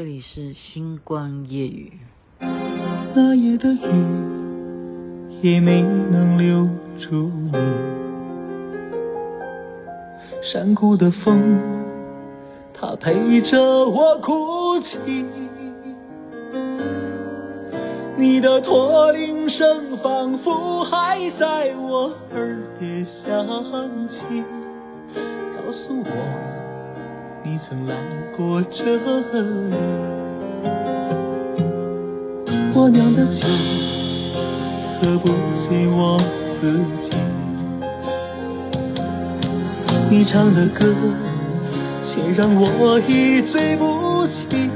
這裡是星光夜語。那夜的雨也沒能留住你，山谷的風，它陪着我哭泣。你的駝鈴聲仿佛還在我耳邊響起，告訴我。你曾來過這裡，我釀的酒喝不醉我自己，你唱的歌卻讓我一醉不起。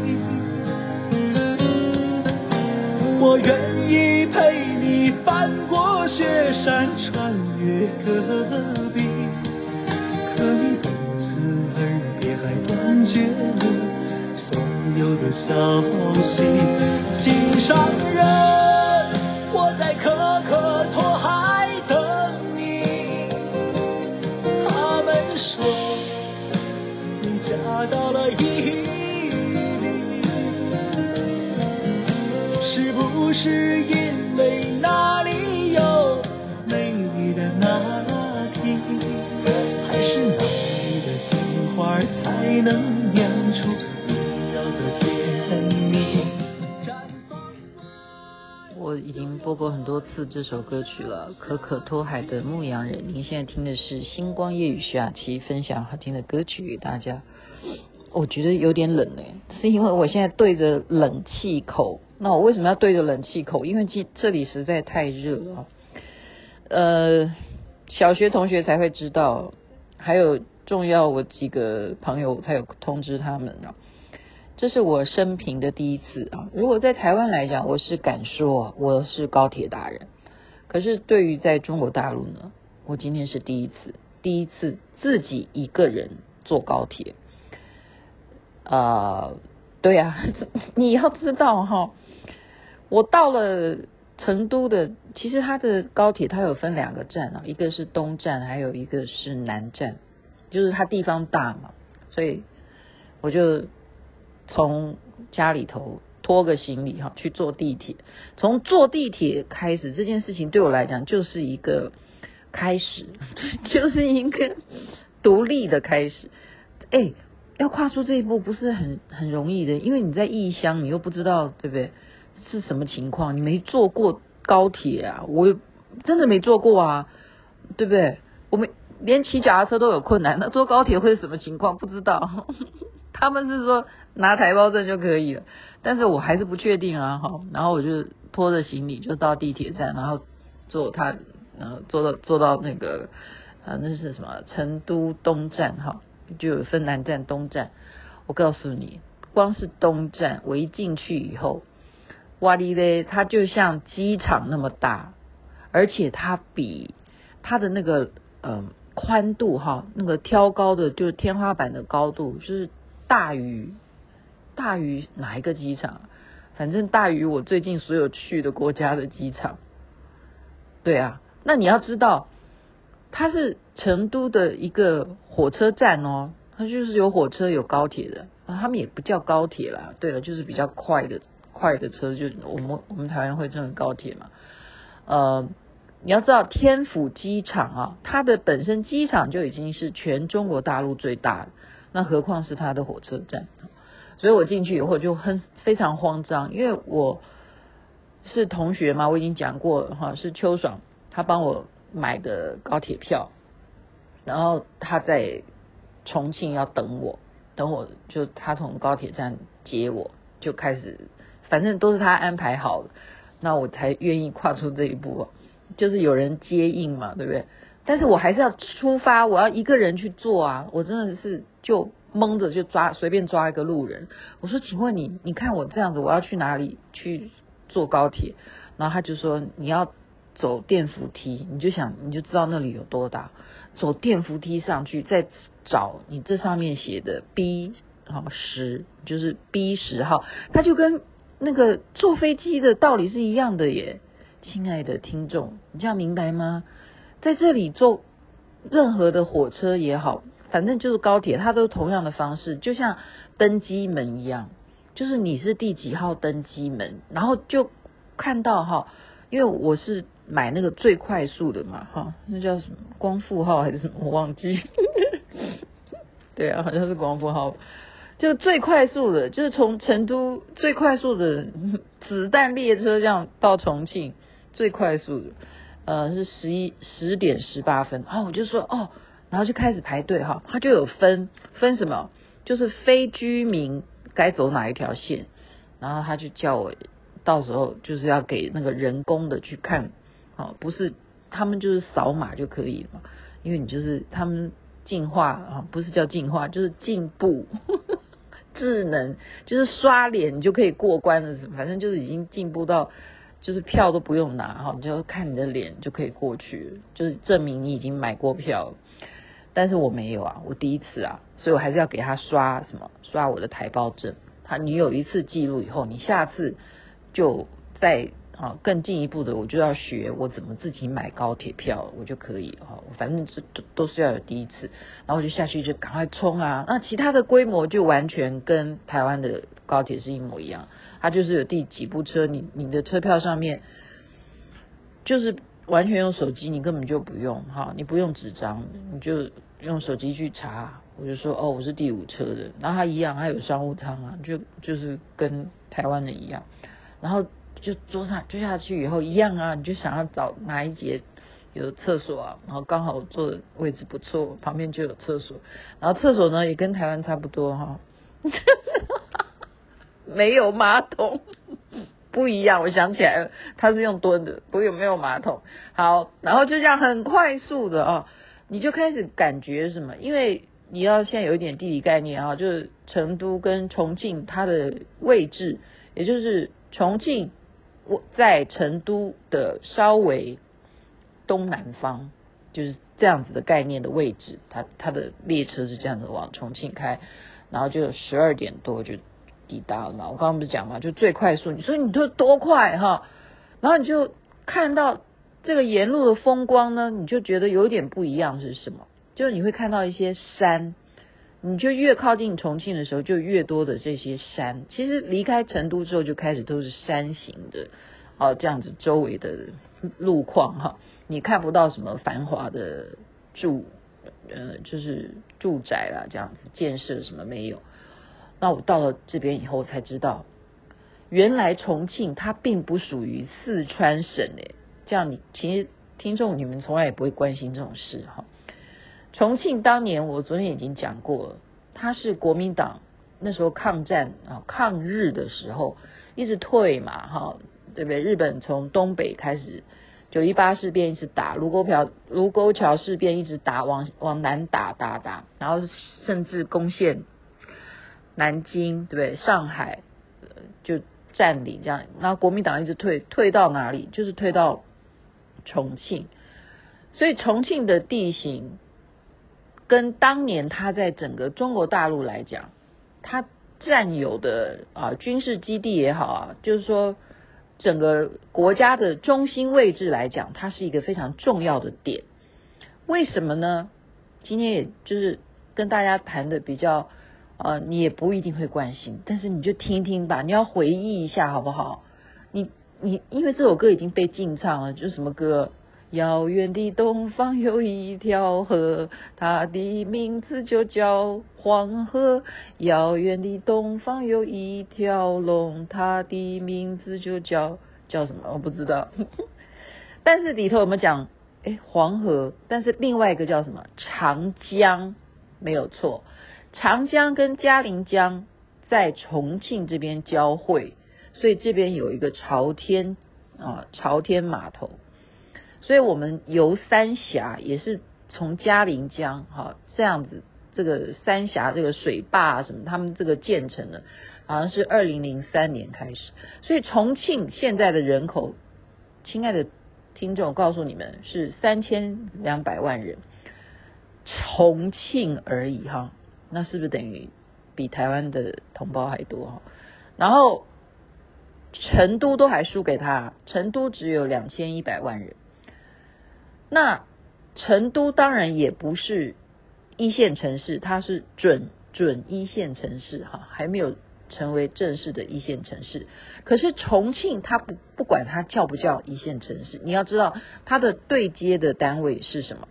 我願意陪你翻過雪山，穿越戈壁。絕了所有的消息，心上人，我在可可托海等你。他們說你嫁到了伊犁，是不是因為那裡有美麗的那拉提，還是哪裡的杏花才能？已經播過很多次這首歌曲了，《可可托海的牧羊人》。您現在聽的是星光夜語徐雅琪分享好聽的歌曲給大家。我覺得有點冷嘞，是因為我現在對着冷氣口。那我為什麼要對着冷氣口？因為這裡實在太熱了呃，小學同學才會知道，還有重要，我幾個朋友，他有通知他們啊。這是我生平的第一次啊！如果在台灣來講，我是敢說我是高鐵達人。可是對於在中國大陸呢，我今天是第一次，第一次自己一個人坐高鐵。啊、呃，對啊，你要知道哈、哦，我到了成都的，其實它的高鐵它有分兩個站啊，一個是東站，還有一個是南站，就是它地方大嘛，所以我就。從家裡頭拖個行李哈，去坐地鐵。從坐地鐵開始，這件事情對我來講就是一個開始，就是一個獨立的開始。欸，要跨出這一步不是很很容易的，因為你在異鄉，你又不知道對不對是什麼情況。你沒坐過高鐵啊，我真的沒坐過啊，對不對？我們連騎腳踏車都有困難，那坐高鐵會是什麼情況？不知道。他們是說拿台胞證就可以了，但是我還是不確定啊。哈，然後我就拖着行李就到地鐵站，然後坐他，呃，坐到坐到那個，啊，那是什麼？成都東站哈，就有分南站、東站。我告訴你，光是東站，我一進去以後，哇哩嘞，它就像機場那麼大，而且它比它的那個，嗯、呃，寬度哈，那個挑高的就是天花板的高度就是。大於大於哪一個機場？反正大於我最近所有去的國家的機場。對啊，那你要知道，它是成都的一個火車站哦，它就是有火車有高鐵的，啊，他們也不叫高鐵啦。對了，就是比較快的快的車就，就我們我們台灣會稱高鐵嘛。呃，你要知道天府機場啊，它的本身機場就已經是全中國大陸最大的。那何況是他的火車站，所以我進去以後就很非常慌張，因為我是同學嘛，我已經講過哈，是邱爽他幫我買的高鐵票，然後他在重慶要等我，等我就他從高鐵站接我，就開始反正都是他安排好的，那我才願意跨出這一步，就是有人接應嘛，對不對？但是我還是要出發，我要一個人去坐啊！我真的是就蒙着就抓，隨便抓一個路人，我說：“請問你，你看我這樣子，我要去哪裡去坐高鐵？”然後他就說：“你要走電扶梯，你就想你就知道那裡有多大，走電扶梯上去，再找你這上面寫的 B 好十，就是 B 十號。”他就跟那個坐飛機的道理是一樣的耶，親愛的聽眾，你這樣明白嗎？在這裡坐任何的火車也好，反正就是高鐵，它都同樣的方式，就像登機門一樣，就是你是第幾號登機門，然後就看到哈，因為我是買那個最快速的嘛，哈，那叫什麼光復號還是什麼，我忘記， 對啊，好像是光復號，就最快速的，就是從成都最快速的子彈列車這樣到重慶最快速的。呃，是十一十點十八分，啊、哦。我就說哦，然後就開始排隊哈、哦，他就有分分什麼，就是非居民該走哪一條線，然後他就叫我到時候就是要給那個人工的去看，哦，不是他們就是掃碼就可以嘛，因為你就是他們進化啊、哦，不是叫進化，就是進步，呵呵，智能就是刷臉你就可以過關了，反正就是已經進步到。就是票都不用拿，哈，你就看你的臉就可以過去，就是證明你已經買過票。但是我沒有啊，我第一次啊，所以我還是要給他刷什麼，刷我的台胞證。他你有一次記錄以後，你下次就再更進一步的，我就要學我怎麼自己買高鐵票，我就可以哈。反正這都都是要有第一次，然後就下去就趕快衝啊。那其他的規模就完全跟台灣的高鐵是一模一樣。他就是有第幾部車，你你的車票上面就是完全用手機，你根本就不用哈，你不用紙張，你就用手機去查。我就說，哦，我是第五車的，然後他一樣，他有商務艙啊，就就是跟台灣的一樣。然後就坐上坐下去以後一樣啊，你就想要找哪一節有廁所啊，然後剛好我坐的位置不錯，旁邊就有廁所，然後廁所呢也跟台灣差不多哈、哦。 沒有馬桶，不一樣。我想起來了，他是用蹲的，不，有沒有馬桶。好，然後就這樣很快速的哦，你就開始感覺什麼？因為你要現在有一點地理概念啊、哦，就是成都跟重慶它的位置，也就是重慶我在成都的稍微東南方，就是這樣子的概念的位置。它它的列車是這樣子往重慶開，然後就十二點多就。抵達嘛？我剛剛不是講嘛，就最快速，你說你就多快哈、啊？然後你就看到這個沿路的風光呢，你就覺得有點不一樣是什麼？就是你會看到一些山，你就越靠近重慶的時候，就越多的這些山。其實離開成都之後，就開始都是山形的哦、啊，這樣子周圍的路況哈、啊，你看不到什麼繁華的住呃，就是住宅啦，這樣子建設什麼沒有。那我到了這邊以後才知道，原來重慶它並不屬於四川省誒，這樣你其實聽眾你們從來也不會關心這種事哈。重慶當年我昨天已經講過了，它是國民黨那時候抗戰啊，抗日的時候一直退嘛哈，對不對？日本從東北開始九一八事變一直打盧溝橋，盧溝橋事變一直打，往往南打打打，然後甚至攻陷，南京，對不對？上海，呃，就佔領這樣，那國民黨一直退，退到哪裡？就是退到重慶。所以重慶的地形跟當年它在整個中國大陸來講，它占有的啊軍事基地也好啊，就是說整個國家的中心位置來講，它是一個非常重要的點。為什麼呢？今天也就是跟大家談的比較。呃、嗯、你也不一定會關心，但是你就聽聽吧。你要回憶一下，好不好？你、你，因為這首歌已經被禁唱了，就是什麼歌？遙遠的東方有一條河，它的名字就叫黃河。遙遠的東方有一條龍，它的名字就叫叫什麼？我不知道。 但是裡頭我們講，哎，黃河，但是另外一個叫什麼？長江，沒有錯。長江跟嘉陵江在重慶這邊交匯，所以這邊有一個朝天啊朝天碼頭。所以我們由三峽也是從嘉陵江哈，這樣子這個三峽這個水壩什麼，他們這個建成的好像是二零零三年開始。所以重慶現在的人口，親愛的聽眾，告訴你們是三千兩百萬人，重慶而已哈。那是不是等於比台灣的同胞還多哈？然後成都都還輸給他，成都只有兩千一百萬人。那成都當然也不是一線城市，它是準準一線城市哈，還沒有成為正式的一線城市。可是重慶，它不不管它叫不叫一線城市，你要知道它的對接的單位是什麼，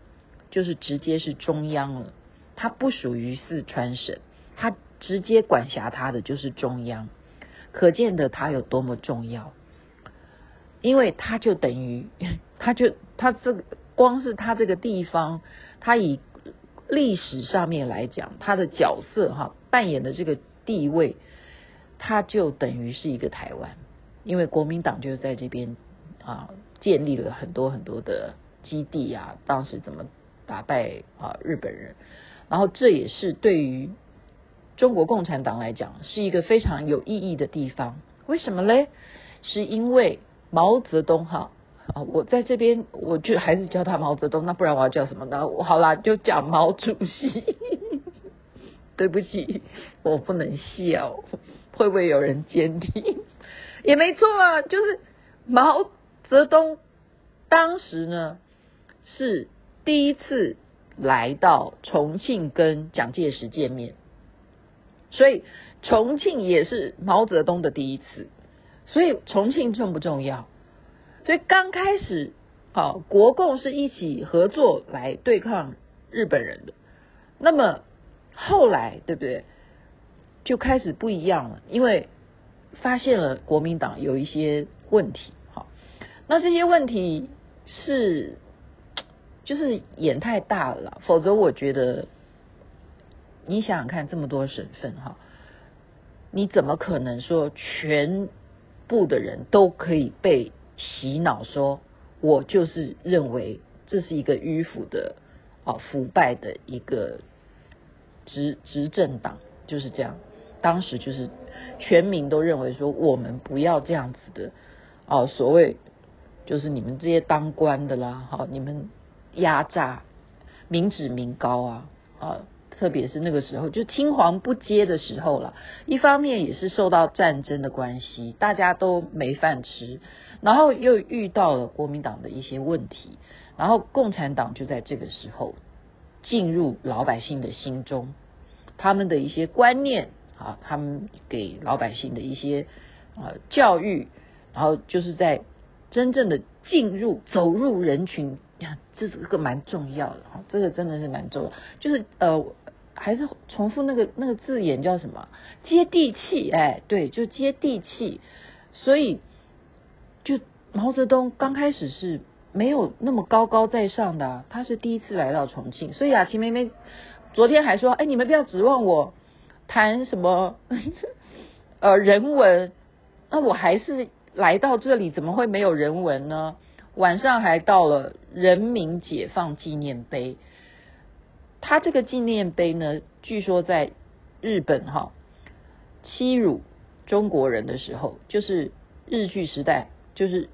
就是直接是中央了。它不屬於四川省，它直接管轄它的就是中央，可見得它有多麼重要。因為它就等於，它就它這個光是它這個地方，它以歷史上面來講，它的角色哈、啊、扮演的這個地位，它就等於是一個台灣，因為國民黨就在這邊啊建立了很多很多的基地啊，當時怎麼打敗啊日本人。然後這也是對於中國共產黨來講是一個非常有意義的地方。為什麼嘞？是因為毛澤東哈啊、哦，我在這邊我就還是叫他毛澤東，那不然我要叫什麼呢？好啦，就講毛主席。 對不起，我不能笑，會不會有人監聽？也沒錯啊，就是毛澤東當時呢是第一次。來到重慶跟蔣介石見面，所以重慶也是毛澤東的第一次，所以重慶重不重要？所以剛開始，好國共是一起合作來對抗日本人的，那麼後來對不對？就開始不一樣了，因為發現了國民黨有一些問題，好，那這些問題是。就是眼太大了，否則我覺得，你想想看，這麼多省份哈，你怎麼可能說全部的人都可以被洗腦說？說我就是認為這是一個迂腐的啊，腐敗的一個執執政黨就是這樣。當時就是全民都認為說，我們不要這樣子的哦，所謂就是你們這些當官的啦，哈，你們。壓榨，民脂民膏啊啊！特別是那個時候，就青黃不接的時候了。一方面也是受到戰爭的關係，大家都沒飯吃，然後又遇到了國民黨的一些問題，然後共產黨就在這個時候進入老百姓的心中，他們的一些觀念啊，他們給老百姓的一些啊教育，然後就是在真正的進入走入人群。呀，這是個蠻重要的哈，這個真的是蠻重要，就是呃，還是重複那個那個字眼叫什麼？接地氣哎，對，就接地氣。所以，就毛澤東剛開始是沒有那麼高高在上的，啊，他是第一次來到重慶，所以雅、啊、琪妹妹昨天還說，哎，你們不要指望我談什麼呵呵呃人文，那我還是來到這裡，怎麼會沒有人文呢？晚上還到了人民解放紀念碑，他這個紀念碑呢，據說在日本哈欺辱中國人的時候，就是日據時代，就是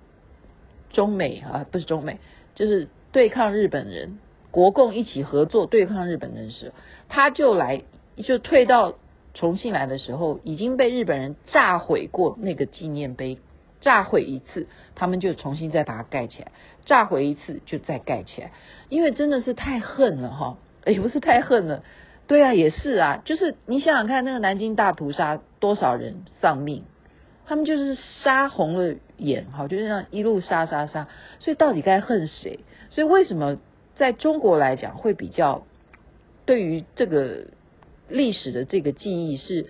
中美啊，不是中美，就是對抗日本人，國共一起合作對抗日本人的時候，他就來就退到重慶來的時候，已經被日本人炸毀過那個紀念碑。炸毀一次，他們就重新再把它蓋起來；炸毀一次，就再蓋起來。因為真的是太恨了哈、哦，也不是太恨了，對啊，也是啊。就是你想想看，那個南京大屠殺多少人喪命，他們就是殺紅了眼哈，就是這樣一路殺殺殺。所以到底該恨誰？所以為什麼在中國來講會比較對於這個歷史的這個記憶是？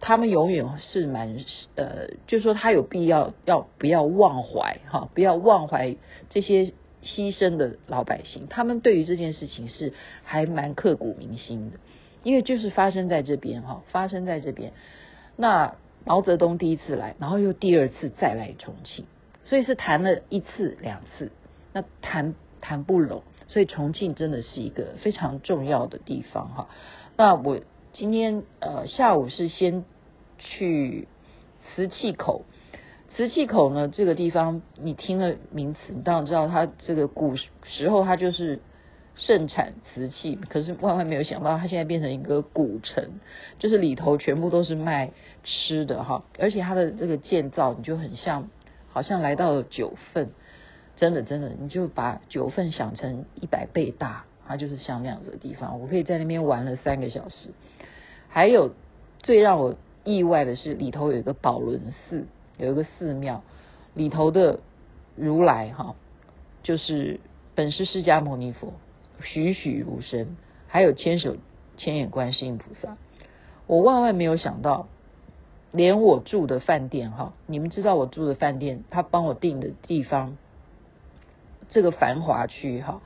他們永遠是蠻呃，就說他有必要要不要忘懷哈，不要忘懷這些犧牲的老百姓，他們對於這件事情是還蠻刻骨銘心的，因為就是發生在這邊哈，發生在這邊。那毛澤東第一次來，然後又第二次再來重慶，所以是談了一次兩次，那談談不攏，所以重慶真的是一個非常重要的地方哈。那我。今天呃下午是先去磁器口，磁器口呢這個地方你聽了名詞你當然知道它這個古時候它就是盛產瓷器，可是萬萬沒有想到它現在變成一個古城，就是裡頭全部都是賣吃的哈，而且它的這個建造，你就很像，好像來到了九份，真的真的，你就把九份想成一百倍大，它就是像那樣子的地方，我可以在那邊玩了三個小時。還有最讓我意外的是，裡頭有一個寶輪寺，有一個寺廟，裡頭的如來哈，就是本師釋迦牟尼佛，栩栩如生。還有千手千眼觀世音菩薩，我萬萬沒有想到，連我住的飯店哈，你們知道我住的飯店，他幫我訂的地方，這個繁華區哈。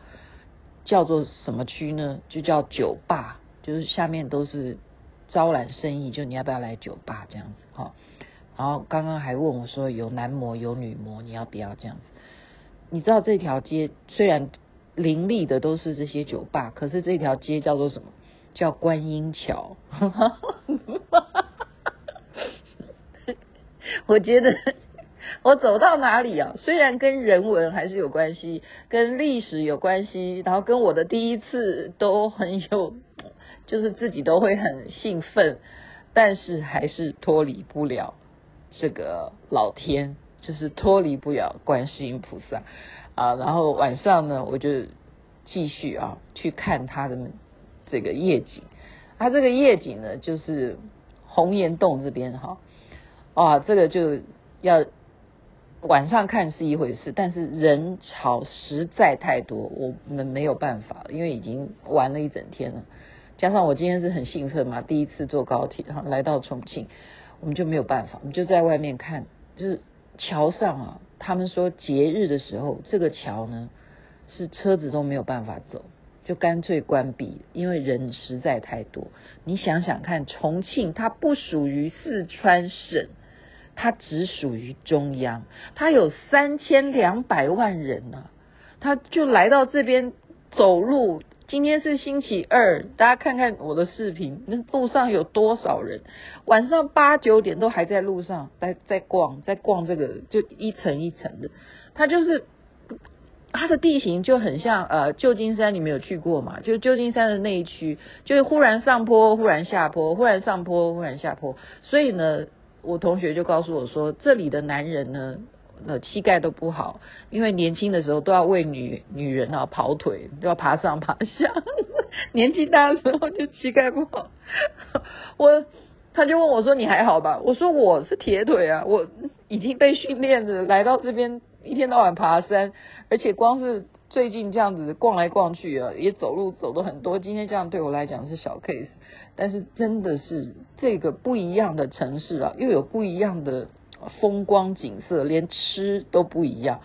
叫做什麼區呢？就叫酒吧，就是下面都是招攬生意，就你要不要來酒吧這樣子哈、哦。然後剛剛還問我說有男模有女模，你要不要這樣子？你知道這條街雖然林立的都是這些酒吧，可是這條街叫做什麼？叫觀音橋。 我覺得。我走到哪裡啊？雖然跟人文還是有關係，跟歷史有關係，然後跟我的第一次都很有，就是自己都會很興奮，但是還是脫離不了這個老天，就是脫離不了觀世音菩薩啊。然後晚上呢，我就繼續啊去看他的這個夜景。他、啊、這個夜景呢，就是洪崖洞這邊哈，啊，這個就要。晚上看是一回事，但是人潮實在太多，我們沒有辦法，因為已經玩了一整天了，加上我今天是很興奮嘛，第一次坐高鐵哈來到重慶，我們就沒有辦法，我們就在外面看，就是橋上啊，他們說節日的時候這個橋呢是車子都沒有辦法走，就乾脆關閉，因為人實在太多。你想想看，重慶它不屬於四川省。它只屬於中央，它有三千兩百萬人呢、啊，他就來到這邊走路。今天是星期二，大家看看我的視頻，那路上有多少人？晚上八九點都還在路上在在逛，在逛這個，就一層一層的。它就是它的地形就很像呃，舊金山，你沒有去過嘛？就舊金山的那一區，就是忽然上坡，忽然下坡，忽然上坡，忽然下坡，所以呢。我同學就告訴我說，這裡的男人呢，那膝蓋都不好，因為年輕的時候都要為女女人啊跑腿，都要爬上爬下，年紀大的時候就膝蓋不好。我他就問我說：“你還好吧？”我說：“我是鐵腿啊，我已經被訓練着來到這邊一天到晚爬山，而且光是。”最近這樣子逛來逛去啊，也走路走的很多。今天這樣對我來講是小 case，但是真的是這個不一樣的城市啊，又有不一樣的風光景色，連吃都不一樣。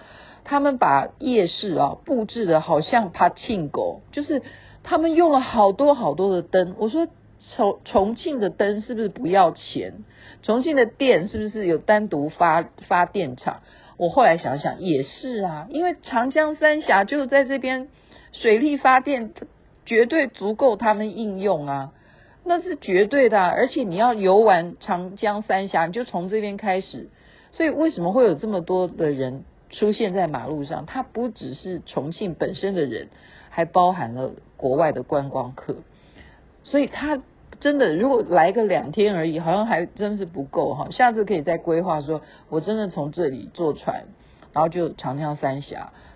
他們把夜市啊布置的好像柏青哥，就是他們用了好多好多的燈。我說重重慶的燈是不是不要錢？重慶的電是不是有單獨發發電廠？我後來想想也是啊，因為長江三峽就在這邊，水力發電絕對足夠他們應用啊，那是絕對的啊。而且你要遊玩長江三峽，你就從這邊開始。所以為什麼會有這麼多的人出現在馬路上？他不只是重慶本身的人，還包含了國外的觀光客。所以他。真的，如果來個兩天而已，好像還真的是不夠哈。下次可以再規劃說，說我真的從這裡坐船，然後就長江三峽，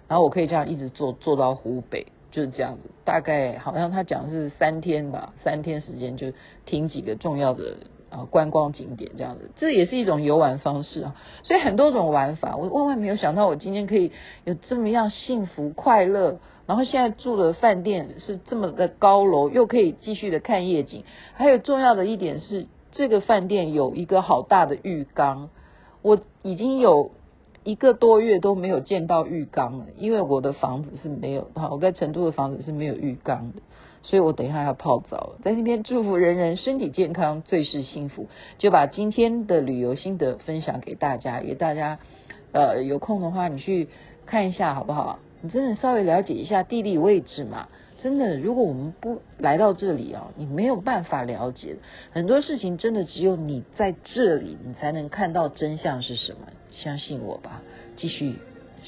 然後我可以這樣一直坐坐到湖北，就是這樣子。大概好像他講的是三天吧，三天時間就停幾個重要的啊觀光景點這樣子，這也是一種遊玩方式啊。所以很多種玩法，我萬萬沒有想到我今天可以有這麼樣幸福快樂。然後現在住的飯店是這麼的高樓，又可以繼續的看夜景。還有重要的一點是，這個飯店有一個好大的浴缸。我已經有一個多月都沒有見到浴缸了，因為我的房子是沒有，好，我在成都的房子是沒有浴缸的。所以我等一下要泡澡。在這邊祝福人人身體健康，最是幸福。就把今天的旅遊心得分享給大家，也大家呃有空的話，你去看一下好不好？你真的稍微了解一下地理位置嘛？真的，如果我們不來到這裡啊、哦，你沒有辦法了解很多事情。真的，只有你在這裡，你才能看到真相是什麼。相信我吧，繼續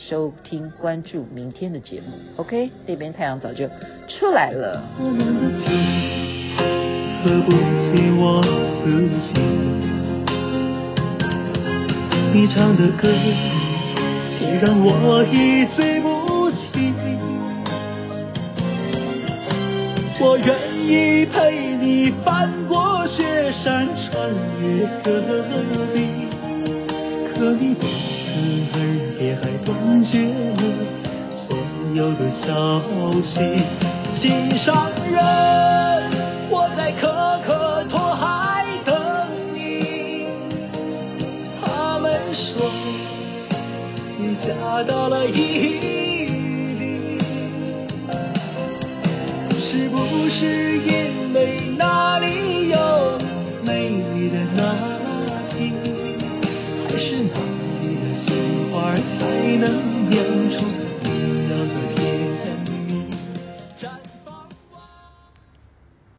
收聽關注明天的節目，OK？那邊太陽早就出來了。嗯、我。不起，你唱的歌，卻讓我一醉我願意陪你翻過雪山，穿越戈壁，可你不辭而別，還斷絕了所有的消息，心上人。